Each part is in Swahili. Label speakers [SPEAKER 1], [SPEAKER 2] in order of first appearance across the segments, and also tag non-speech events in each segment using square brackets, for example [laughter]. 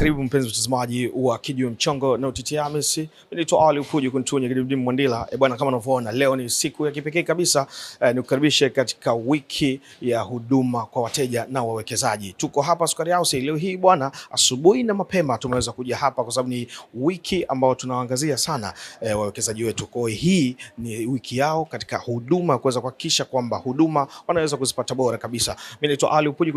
[SPEAKER 1] Karibu mpenzi mtazamaji wa Kijiwe Mchongo na UTT AMIS. Naitwa Ali Upuji kuntunye Kidimdimu Mwandila. E bwana, kama unavyoona leo ni siku ya kipekee kabisa eh, nikukaribishe katika wiki ya huduma kwa wateja na wawekezaji. Tuko hapa Sukari House leo hii bwana, asubuhi na mapema tumeweza kuja hapa kwa sababu ni wiki ambayo tunawaangazia sana eh, wawekezaji wetu. Kwa hiyo hii ni wiki yao katika huduma kuweza kuhakikisha kwamba huduma wanaweza kuzipata bora kabisa. Mimi naitwa Ali Upuji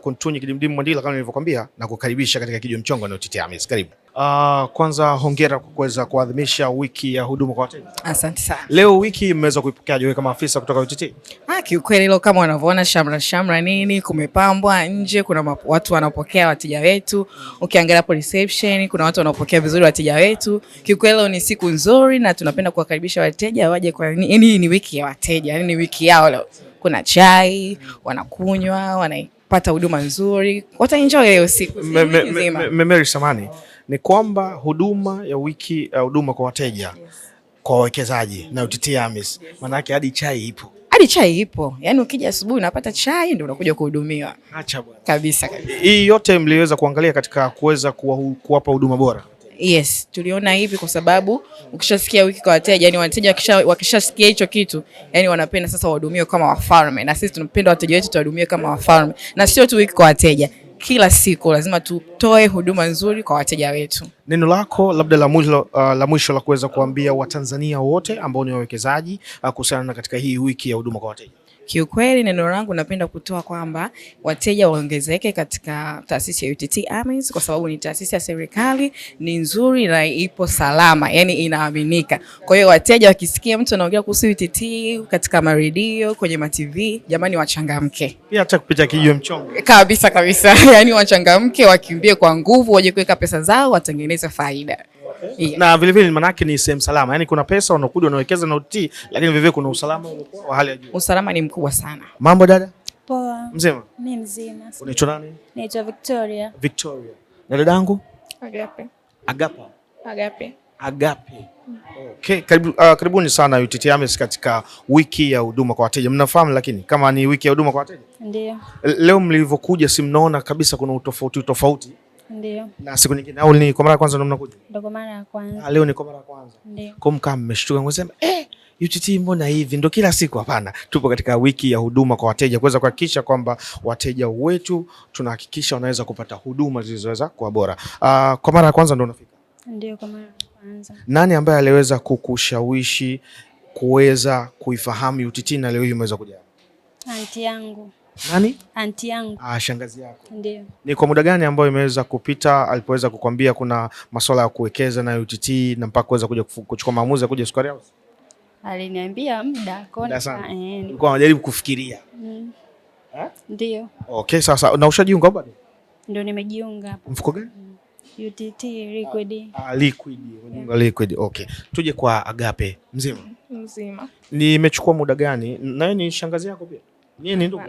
[SPEAKER 1] kuntunye eh, Kidimdimu Mwandila kama nilivyokuambia na kukaribisha katika Kijiwe Mchongo anayotetea AMIS. karibu. Uh, kwanza hongera kwa kuweza kuadhimisha wiki ya huduma kwa wateja. Asante sana. Leo wiki mmeweza kuipokeaje wewe kama afisa kutoka UTT?
[SPEAKER 2] Ah, kiukweli leo kama unavyoona shamra shamra nini, kumepambwa nje, kuna watu wanapokea wateja wetu. Ukiangalia hapo reception, kuna watu wanapokea vizuri wateja wetu. Kiukweli leo ni siku nzuri na tunapenda kuwakaribisha wateja waje kwa nini, ni wiki ya wateja, yani ni wiki yao leo. Kuna chai, wanakunywa, wana kupata huduma nzuri, wataenjoy hiyo siku
[SPEAKER 1] Mary Samani. Ni kwamba huduma ya wiki uh, huduma kwa wateja kwa wawekezaji na UTT AMIS maana yake hadi chai ipo
[SPEAKER 2] hadi chai ipo, yaani ukija asubuhi unapata chai ndio unakuja kuhudumiwa. Acha bwana kabisa kabisa.
[SPEAKER 1] Hii yote mliweza kuangalia katika kuweza kuwapa huduma bora
[SPEAKER 2] Yes, tuliona hivi kwa sababu ukishasikia wiki kwa wateja, yani wateja wakishasikia hicho kitu, yani wanapenda sasa wahudumiwe kama wafalme, na sisi tunapenda wateja wetu tuwahudumiwe kama wafalme, na sio tu wiki kwa wateja, kila siku lazima tutoe huduma nzuri kwa wateja wetu.
[SPEAKER 1] Neno lako labda la mwisho uh, la mwisho la kuweza kuambia Watanzania wote ambao ni wawekezaji uh, kuhusiana na katika hii wiki ya huduma kwa wateja.
[SPEAKER 2] Kiukweli neno langu napenda kutoa kwamba wateja waongezeke katika taasisi ya UTT AMIS kwa sababu ni taasisi ya serikali, ni nzuri na ipo salama, yani inaaminika. Kwa hiyo wateja wakisikia mtu anaongea kuhusu UTT katika maredio, kwenye ma TV, jamani wachangamke.
[SPEAKER 1] Pia acha kupita kijiwe mchongo.
[SPEAKER 2] Kabisa kabisa. [laughs] Yani wachangamke, wakimbie kwa nguvu, waje kuweka pesa zao, watengeneze faida
[SPEAKER 1] yeah. Na vilevile maanake ni sehemu salama, yani kuna pesa unakuja unawekeza na utii, lakini vilevile kuna usalama wa hali ya juu.
[SPEAKER 2] Usalama ni mkubwa sana.
[SPEAKER 1] Mambo dada? Poa. Mzima?
[SPEAKER 3] Mimi mzima. Unaitwa nani? Naitwa Victoria.
[SPEAKER 1] Victoria. Na dadangu? Agape. Agapa. Agape. Agape. Okay, karibu, uh, karibuni sana UTT AMIS katika wiki ya huduma kwa wateja. Mnafahamu lakini kama ni wiki ya huduma kwa wateja? Ndio. Leo mlivyokuja si mnaona kabisa kuna utofauti utofauti ndio. Na siku nyingine au ni kwa mara ya kwanza ndo mnakuja?
[SPEAKER 3] Ndio kwa mara ya kwanza.
[SPEAKER 1] Ah, leo ni kwa mara ya kwanza. Ndio. Kwa mkaa mmeshtuka mnasema eh, UTT mbona hivi? Ndio kila siku? Hapana, tupo katika wiki ya huduma kwa wateja kuweza kuhakikisha kwamba wateja wetu tunahakikisha wanaweza kupata huduma zilizoweza kuwa bora. Uh, kwa mara ya kwanza ndo unafika?
[SPEAKER 3] Ndio kwa mara ya kwanza.
[SPEAKER 1] Nani ambaye aliweza kukushawishi kuweza kuifahamu UTT na leo hii umeweza kuja?
[SPEAKER 3] Aunti yangu. Nani? Anti yangu.
[SPEAKER 1] Ah, shangazi yako. Ndiyo. Ni kwa muda gani ambayo imeweza kupita alipoweza kukwambia kuna masuala ya kuwekeza na UTT na mpaka kuweza kuja kuchukua maamuzi ya kuja Sukari House?
[SPEAKER 3] Aliniambia muda kwa
[SPEAKER 1] eh, najaribu kufikiria. Mm. Eh? Ndiyo. Okay, sasa na ushajiunga bado?
[SPEAKER 3] Ndio, nimejiunga.
[SPEAKER 1] Mfuko gani? Mm.
[SPEAKER 3] UTT liquid.
[SPEAKER 1] Ah, ah, liquid. Unajiunga liquid. Okay. Tuje kwa Agape. Mzima? Mzima. Nimechukua muda gani? Na yeye ni shangazi yako pia? Nini ndugu?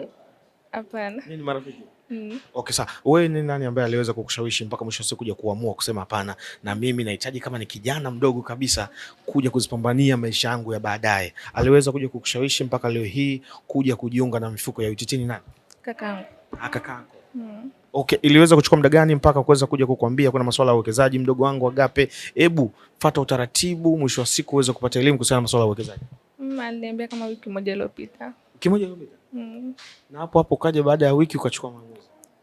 [SPEAKER 1] Hapana. Mimi ni marafiki? Mm. Okay, sasa Wewe ni nani ambaye aliweza kukushawishi mpaka mwisho siku kuja kuamua kusema hapana, na mimi nahitaji kama ni kijana mdogo kabisa kuja kuzipambania maisha yangu ya baadaye? Aliweza kuja kukushawishi mpaka leo hii kuja kujiunga na mifuko ya UTT ni nani? Kakangu. Ah, kakangu. Mm. Okay, iliweza kuchukua muda gani mpaka kuweza kuja kukuambia kuna masuala ya uwekezaji, mdogo wangu Agape, hebu fata utaratibu, mwisho wa siku uweze kupata elimu kuhusiana na masuala ya uwekezaji?
[SPEAKER 3] Mm, aliniambia kama wiki moja iliyopita kimoja kilomita mm.
[SPEAKER 1] na hapo hapo ukaja baada ya wiki ukachukua maamuzi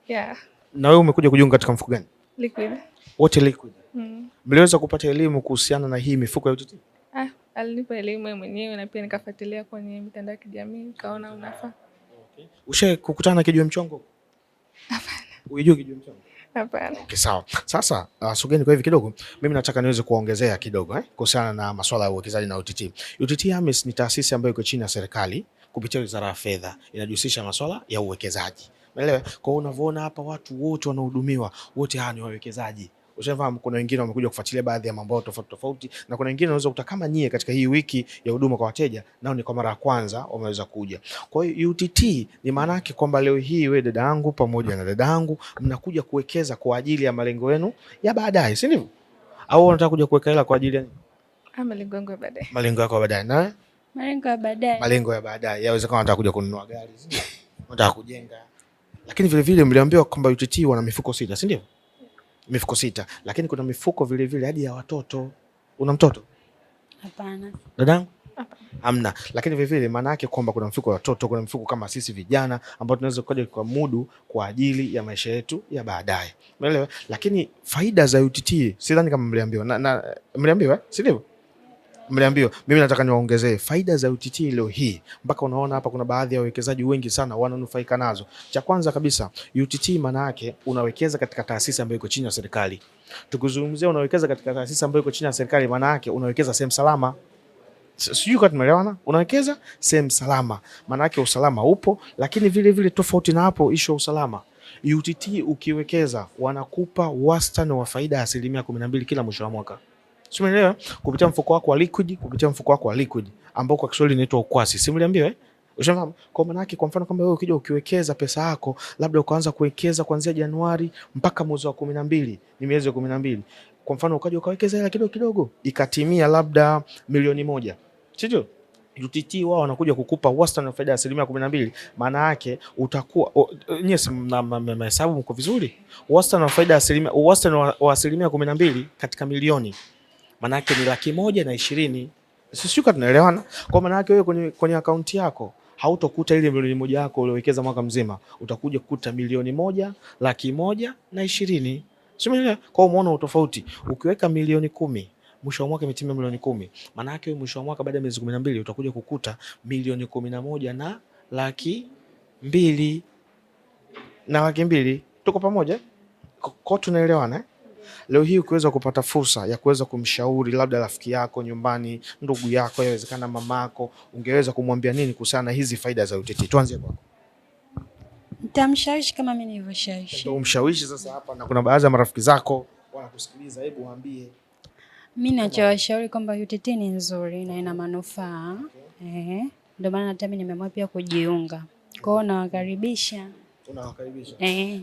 [SPEAKER 1] yeah. na wewe umekuja kujiunga katika mfuko gani? Liquid. Wote Liquid. Mm. Mliweza kupata elimu kuhusiana na hii mifuko ya UTT?
[SPEAKER 3] Ah, alinipa elimu yeye mwenyewe na pia nikafuatilia kwenye mitandao ya kijamii nikaona unafaa.
[SPEAKER 1] Okay. Usha kukutana na kijiwe mchongo? Hapana. Unajua kijiwe mchongo? Hapana. Okay, sawa. Sasa uh, ah, sugeni kwa hivi kidogo, mimi nataka niweze kuongezea kidogo eh, kuhusiana na masuala ya uwekezaji na UTT. UTT AMIS ni taasisi ambayo iko chini ya serikali kupitia Wizara ya Fedha inajihusisha masuala ya uwekezaji. Umeelewa? Kwa hiyo unavyoona hapa watu wote wanahudumiwa wote hawa ni wawekezaji. Ushafahamu, kuna wengine wamekuja kufuatilia baadhi ya mambo tofauti tofauti, na kuna wengine wanaweza kuta kama nyie katika hii wiki ya huduma kwa wateja, nao ni kwa mara ya kwanza wameweza kuja. Kwa hiyo UTT ni maana yake kwamba leo hii wewe dada yangu pamoja na dada yangu mnakuja kuwekeza kwa ajili ya malengo yenu ya baadaye, si ndivyo? Au unataka kuja kuweka hela kwa ajili ya
[SPEAKER 3] ah, malengo yangu ya baadaye?
[SPEAKER 1] Malengo yako ya baadaye na
[SPEAKER 3] malengo ya baadaye,
[SPEAKER 1] malengo ya baadaye yawezekana nataka kuja kununua gari, nataka kujenga. Lakini vile vile mliambiwa kwamba UTT wana mifuko sita, si ndio? Mifuko sita, lakini kuna mifuko vile vile hadi ya watoto. Una mtoto? Hapana dadangu, hamna. Lakini vile vile maana yake kwamba kuna mifuko ya watoto, kuna mifuko kama sisi vijana ambao tunaweza kuja kwa mudu kwa ajili ya maisha yetu ya baadaye, umeelewa? Lakini faida za UTT sidhani kama mliambiwa na, na mliambiwa si ndio? mliambiwa. Mimi nataka niwaongezee faida za UTT leo hii, mpaka unaona hapa kuna baadhi ya wawekezaji wengi sana wananufaika nazo. Cha kwanza kabisa, UTT maana yake unawekeza katika taasisi ambayo iko chini ya serikali. Tukizungumzia unawekeza katika taasisi ambayo iko chini ya serikali, maana yake unawekeza sehemu salama sijui kama tumeelewana. Unawekeza sehemu salama, maana yake usalama upo, lakini vile vile tofauti na hapo isho usalama UTT ukiwekeza wanakupa wastani wa faida ya asilimia kumi na mbili kila mwisho wa mwaka. Simuelewa kupitia mfuko wako wa liquid, kupitia mfuko wako wa liquid ambao kwa Kiswahili inaitwa ukwasi. eh? Ushafahamu? Kwa maana yake kwa mfano kama wewe ukija ukiwekeza pesa yako labda ukaanza kuwekeza kuanzia Januari mpaka mwezi wa 12, ni miezi ya 12. Kwa mfano ukaja ukawekeza hela kidogo kidogo ikatimia labda milioni moja. Sio? UTT wao wanakuja kukupa wastani wa faida ya asilimia kumi Maana yake utakuwa nyewe, mnahesabu mko vizuri? Wastani wa faida ya asilimia, wastani wa asilimia kumi katika milioni manake ni laki moja na ishirini. sisi kwa tunaelewana? Kwa manake wewe kwenye, kwenye akaunti yako hautokuta ile milioni moja yako uliowekeza mwaka mzima, utakuja kukuta milioni moja laki moja na ishirini. Sio mimi Kwa umeona utofauti, ukiweka milioni kumi mwisho wa mwaka imetimia milioni kumi, maana yake mwisho wa mwaka baada ya miezi kumi na mbili utakuja kukuta milioni kumi na moja na laki mbili na laki mbili. Tuko pamoja? Kwa tunaelewana? Eh? leo hii ukiweza kupata fursa ya kuweza kumshauri labda rafiki yako nyumbani, ndugu yako, yawezekana mamako, ungeweza kumwambia nini kuhusiana na hizi faida za UTT? Tuanze kwako.
[SPEAKER 3] Nitamshawishi kama mimi nilivyoshawishi. Ndio
[SPEAKER 1] umshawishi sasa hapa, na kuna baadhi ya marafiki zako wanakusikiliza, hebu waambie.
[SPEAKER 3] Mimi nachowashauri kwamba UTT ni nzuri na ina manufaa, okay. Eh, ndio maana hata mimi nimeamua pia kujiunga. kwao hiyo nawakaribisha
[SPEAKER 1] tunawakaribisha eh,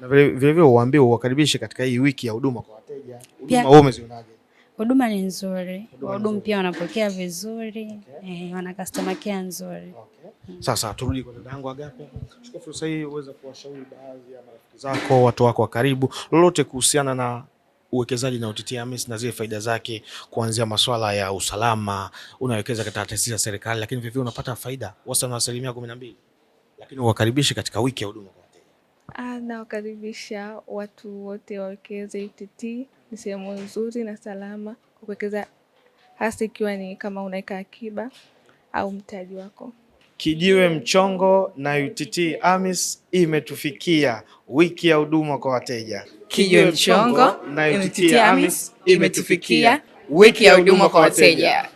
[SPEAKER 1] vile vile uwaambie uwakaribishe katika hii wiki ya huduma kwa wateja. Huduma wao umezionaje?
[SPEAKER 3] Huduma ni nzuri, wahudumu pia wanapokea vizuri okay. Eh, wana customer care nzuri
[SPEAKER 1] okay. Hmm. Sasa turudi kwa dada yangu Agape, chukua fursa hii uweze kuwashauri baadhi ya marafiki zako, watu wako wa karibu, lolote kuhusiana na uwekezaji na OTT AMIS na zile faida zake, kuanzia masuala ya usalama, unawekeza katika taasisi za serikali, lakini vivyo unapata faida wastani wa asilimia kumi na mbili lakini uwakaribishe katika wiki ya huduma kwa wateja.
[SPEAKER 3] Ah, nawakaribisha watu wote wawekeze. UTT ni sehemu nzuri na salama kwa kuwekeza, hasa ikiwa ni kama unaweka akiba au mtaji wako.
[SPEAKER 1] Kijiwe mchongo na UTT AMIS imetufikia wiki ya huduma kwa wateja.
[SPEAKER 4] Kijiwe mchongo na UTT AMIS imetufikia wiki ya huduma kwa wateja.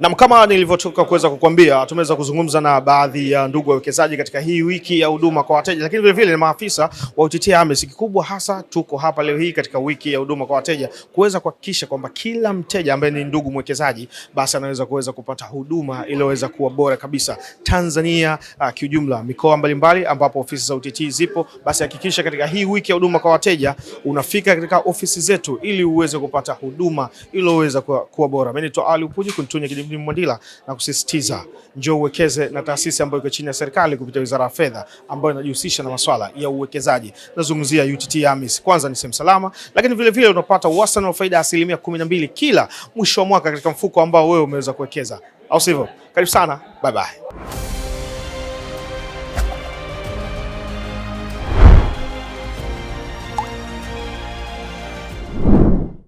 [SPEAKER 1] Na kama nilivyotoka kuweza kukwambia tumeweza kuzungumza na baadhi ya ndugu wawekezaji katika hii wiki ya huduma kwa wateja, lakini vile vile maafisa wa UTT AMIS. Kikubwa hasa tuko hapa leo hii katika wiki ya huduma kwa wateja kuweza kuhakikisha kwamba kila mteja ambaye ni ndugu mwekezaji basi anaweza kuweza kupata huduma iliyoweza kuwa bora kabisa Tanzania ah, kiujumla, mikoa mbalimbali ambapo ofisi za UTT zipo, basi hakikisha katika hii wiki ya huduma kwa wateja unafika katika ofisi zetu ili uweze kupata huduma iliyoweza kuwa, kuwa bora. Mimi ni Ali Upuji kuntunya Jim Mwandila na kusisitiza njoo uwekeze na taasisi ambayo iko chini ya serikali kupitia Wizara ya Fedha ambayo inajihusisha na masuala ya uwekezaji. Nazungumzia UTT AMIS. Kwanza ni sehemu salama, lakini vile vile unapata wastani wa faida ya asilimia kumi na mbili kila mwisho wa mwaka katika mfuko ambao wewe umeweza kuwekeza, au sivyo? Karibu sana, bye bye.